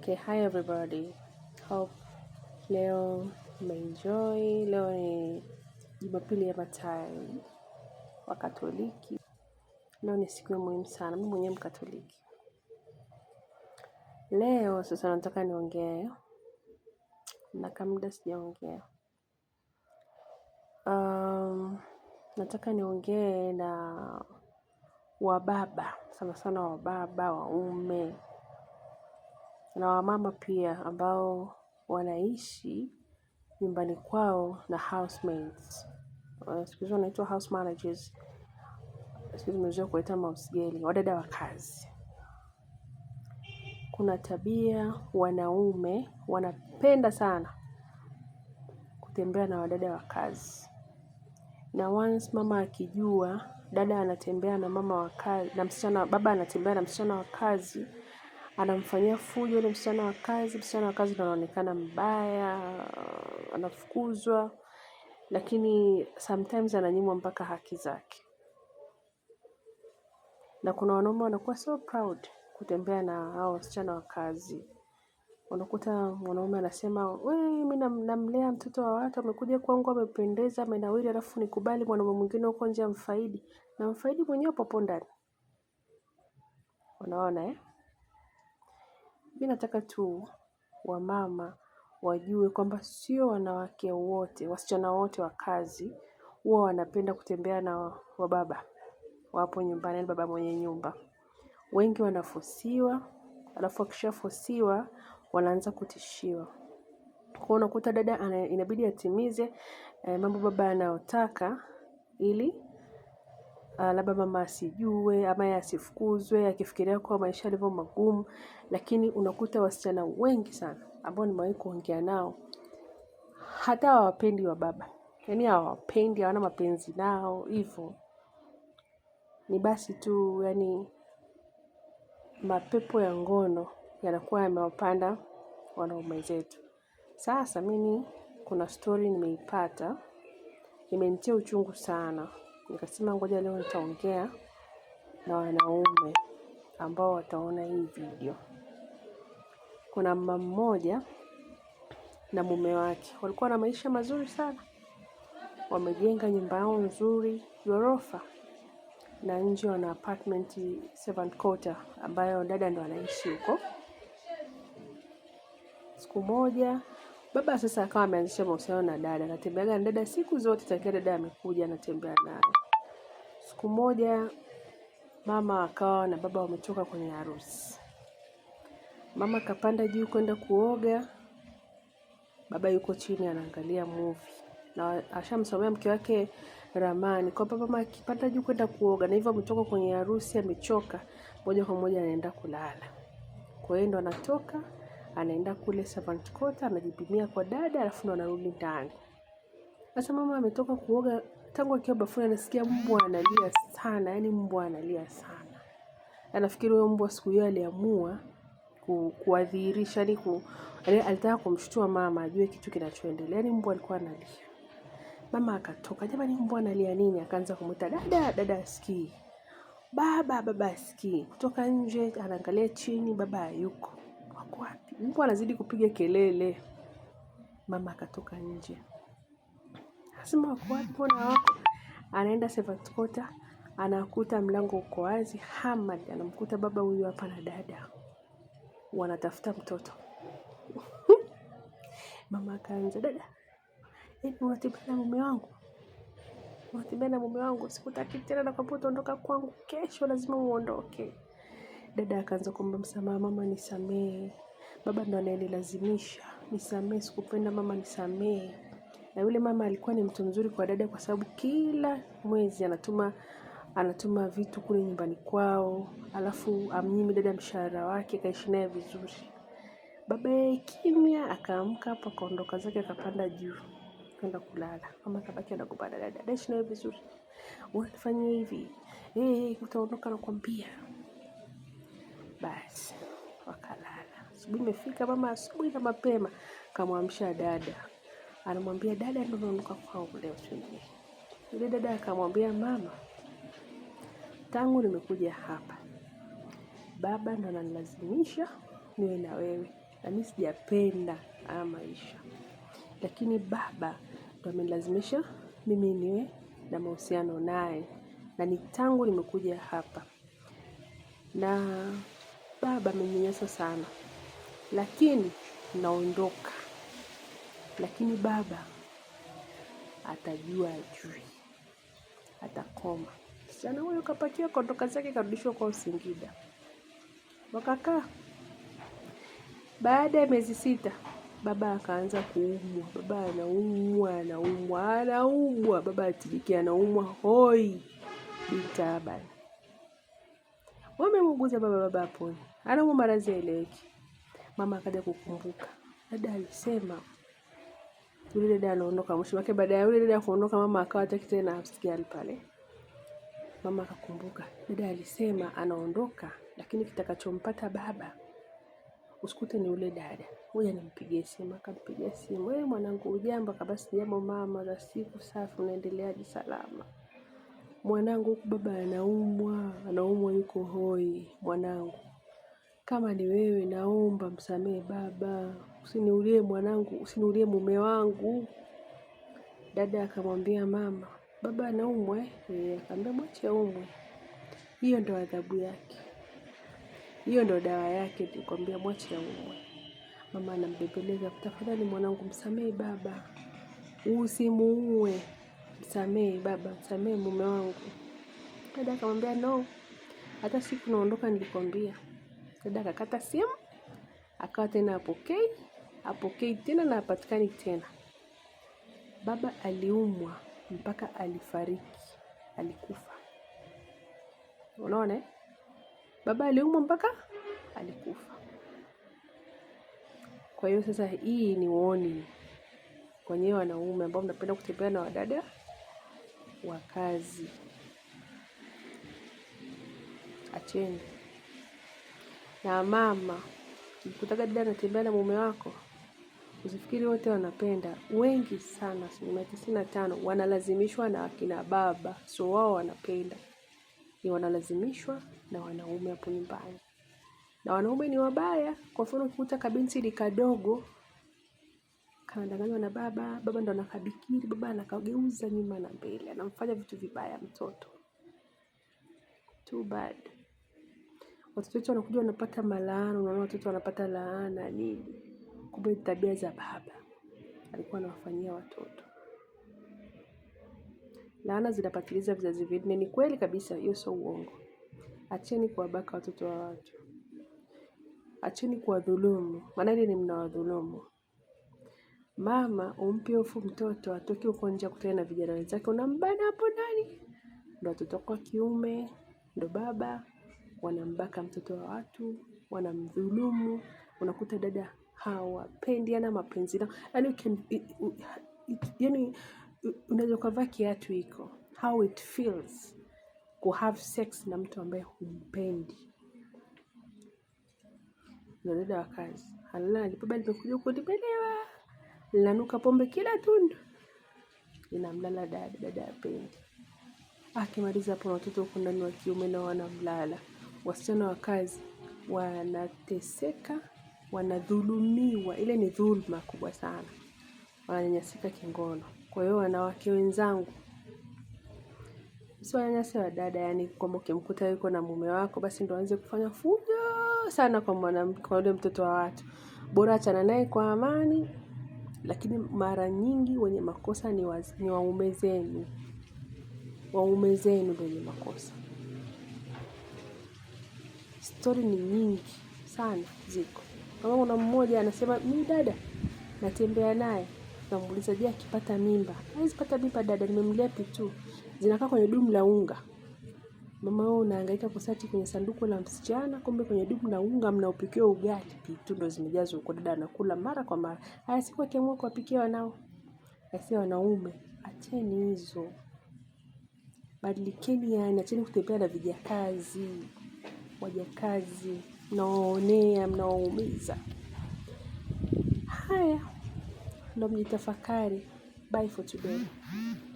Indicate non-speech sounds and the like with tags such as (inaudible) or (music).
Okay, hi everybody. Hope leo mmeenjoy. Leo ni Jumapili ya matai wa Katoliki. Leo ni siku muhimu sana, mimi mwenyewe Mkatoliki. Leo sasa nataka niongee na kamda sijaongea. Um, nataka niongee na wababa sana sana, wababa waume na wamama pia ambao wanaishi nyumbani kwao na housemates, eh, Siku hizi wanaitwa house managers. Siku hizi umezoea kuleta mausgeli, wadada wa kazi. Kuna tabia wanaume wanapenda sana kutembea na wadada wa kazi. Na once mama akijua dada anatembea na mama wa kazi na msichana baba anatembea na msichana wa kazi anamfanyia fujo yule msichana wa kazi, msichana wa kazi anaonekana mbaya, anafukuzwa, lakini sometimes ananyimwa mpaka haki zake. Na kuna wanaume wanakuwa so proud kutembea na hao wasichana wa kazi. Unakuta mwanaume anasema we, mi namlea mtoto wa watu, amekuja kwangu, amependeza, amenawiri, alafu nikubali mwanaume mwingine huko nje amfaidi, na mfaidi mwenyewe popo ndani. Unaona eh? Mi nataka tu wamama wajue kwamba sio wanawake wote, wasichana wote wa kazi huwa wanapenda kutembea na wababa wapo nyumbani, yaani baba mwenye nyumba. Wengi wanafosiwa, alafu wakishafosiwa wanaanza kutishiwa. Kwa unakuta dada inabidi atimize eh, mambo baba anayotaka ili Ah, labda mama asijue ama ye asifukuzwe, akifikiria kuwa maisha yalivyo magumu. Lakini unakuta wasichana wengi sana ambao nimewahi kuongea nao hata hawapendi wa baba, yaani hawapendi, hawana mapenzi nao hivyo. Ni basi tu yani mapepo ya ngono yanakuwa yamewapanda wanaume zetu. Sasa mimi kuna stori nimeipata, imenitia uchungu sana. Nikasema ngoja leo nitaongea na wanaume ambao wataona hii video. Kuna mama mmoja na mume wake walikuwa na maisha mazuri sana, wamejenga nyumba yao nzuri ghorofa, na nje wana apartment seven quarter ambayo dada ndo anaishi huko. Siku moja baba sasa akawa ameanzisha mahusiano na dada, anatembeaga na dada siku zote, tangia dada amekuja anatembea naye Siku moja mama akawa na baba wametoka kwenye harusi. Mama kapanda juu kwenda kuoga, baba yuko chini anaangalia movie na ashamsomea mke wake ramani baba mama akipanda juu kwenda kuoga, na hivyo ametoka kwenye harusi, amechoka, moja kwa moja anaenda kulala. Kwa hiyo ndo anatoka anaenda kule servant quarter, anajipimia kwa dada, alafu ndo anarudi ndani. Sasa mama ametoka kuoga, tangu akiwa bafuni anasikia mbwa analia sana, yani mbwa analia sana. Anafikiri huyo mbwa siku hiyo aliamua ku, kuadhihirisha yani ku, yaani alitaka kumshtua mama ajue kitu kinachoendelea. Yani mbwa alikuwa analia. Mama akatoka, jamani, mbwa analia nini? Akaanza kumuita dada, dada asikii, baba, baba asikii. Kutoka nje anaangalia chini, baba hayuko. Wako wapi? Mbwa anazidi kupiga kelele. Mama akatoka nje. Nasema wako wapi? Mbona Anaenda seventh anakuta mlango uko wazi. Hamad anamkuta baba huyu hapa na dada wanatafuta mtoto (laughs) mama akaanza, dada, hivi unatembea na mume wangu? Unatembea na mume wangu? Sikutaki tena, nakwambia utaondoka kwangu kesho, lazima uondoke. Dada akaanza kuomba msamaha, mama nisamehe. Baba ndo anayenilazimisha, nisamehe, sikupenda mama, nisamehe. Na yule mama alikuwa ni mtu mzuri kwa dada kwa sababu kila mwezi anatuma anatuma vitu kule nyumbani kwao, alafu amnyimi dada mshahara wake, kaishi naye vizuri. Baba yeye kimya akaamka hapo akaondoka zake akapanda juu kwenda kulala. Mama kabaki anagombana na dada, daishi naye vizuri. Unafanya hivi. Eh, ee, hey, utaondoka nakwambia. Basi wakalala. Asubuhi imefika mama asubuhi na mapema kamwamsha dada anamwambia dada, ndio naondoka kwangu leo jioni. Yule dada akamwambia mama, tangu nimekuja hapa baba ndo ananilazimisha niwe na wewe, na mimi sijapenda haya maisha, lakini baba ndo amenilazimisha mimi niwe na mahusiano naye, na ni tangu nimekuja hapa, na baba amenyanyasa sana, lakini naondoka lakini baba atajua ajui, atakoma. Kijana huyo kapakia kondoka zake, karudishwa kwa usingida wakakaa. Baada ya miezi sita, baba akaanza kuumwa. Baba anaumwa anaumwa anaumwa, baba atibiki, anaumwa hoi bitaabani, wamemuguza baba, baba apone, anaumwa maradhi yaeleweki. Mama akaja kukumbuka, dada alisema yule dada anaondoka mwisho wake. Baada ya yule dada kuondoka, mama akawa hataki tena hospitali pale. Mama akakumbuka dada alisema anaondoka, lakini kitakachompata baba usikute ni yule dada, ngoja nimpigie simu. Akampigia simu, wewe mwanangu, ujambo? Kabasi, jambo mama, za siku safi, unaendeleaje? Salama mwanangu, huku baba anaumwa, anaumwa, yuko hoi mwanangu. Kama ni wewe, naomba msamehe baba usiniulie mwanangu, usiniulie mume wangu. Dada akamwambia mama, baba anaumwa eh? Akamwambia mwache aumwe, hiyo ndo adhabu yake, hiyo ndo dawa yake, nikwambia mwache aumwe. Mama anambebeleza tafadhali mwanangu, msamehe baba, usimuue, msamehe baba, msamehe mume wangu. Dada akamwambia no, hata siku naondoka nilikwambia. Dada akakata simu, akawa tena apokei apokei tena na apatikani tena. Baba aliumwa mpaka alifariki, alikufa. Unaona eh? Baba aliumwa mpaka alikufa. Kwa hiyo sasa, hii ni uoni kwenyewe wanaume ambao mnapenda kutembea na wadada wa kazi, acheni. Na mama, mkutaga dada anatembea na mume wako Usifikiri wote wanapenda. Wengi sana, asilimia tisini na tano wanalazimishwa na akina baba, so wao wanapenda, ni wanalazimishwa na wanaume hapo nyumbani, na wanaume ni wabaya. Kwa mfano, ukikuta kabinti ni kadogo kanadanganywa na baba, baba ndo anakabikiri, baba anakageuza nyuma na mbele, anamfanya vitu vibaya mtoto. Too bad. Watoto wetu wanakuja wanapata malaana, unaona watoto wanapata laana nini Kumbe ni tabia za baba. Alikuwa anawafanyia watoto. Laana zinapatiliza vizazi vinne. Ni kweli kabisa, hiyo sio uongo. Acheni kuwabaka watoto wa watu. Acheni kuwadhulumu, maana ni mnawadhulumu. Mama umpe hofu mtoto atoke huko nje akutane na vijana wenzake, unambana hapo ndani. Ndo watoto wa kiume, ndo baba wanambaka mtoto wa watu, wanamdhulumu. Unakuta dada ana mapenzi yao yani, yaani unaweza ukavaa kiatu iko how it feels ku have sex na mtu ambaye humpendi. nadada dada wa kazi halali, alipoba limekuja kunipelewa, linanuka pombe kila tundu, inamlala dada, dada apendi. Akimaliza hapo na watoto huko ndani wa kiume nao wanamlala. Wasichana wa kazi wanateseka wanadhulumiwa, ile ni dhulma kubwa sana, wananyanyasika kingono. Kwa hiyo wanawake wenzangu, msiwanyanyase wadada, yani kwamba ukimkuta yuko na mume wako basi ndo aanze kufanya fujo sana kwa mwanamke, kwa yule mtoto wa watu. Bora achana naye kwa amani, lakini mara nyingi wenye makosa ni, waz, ni waume zenu, waume zenu wenye makosa. Stori ni nyingi sana ziko kama kuna mmoja anasema mimi dada natembea naye, namuuliza je, akipata mimba? Hawezi pata mimba dada, nimemlea pitu, zinakaa kwenye dumu la unga. Mama wewe unahangaika kusati kwenye sanduku la msichana, kumbe kwenye dumu la unga mnaopikiwa ugali, pitu ndo zimejazwa huko, dada anakula mara kwa mara. Haya, siku akiamua kuwapikia wanao, asi wanaume, acheni hizo, badilikeni, yani acheni kutembea na vijakazi wajakazi mnaoonea, mnaoumiza. Haya, ndo mjitafakari. Bye for today.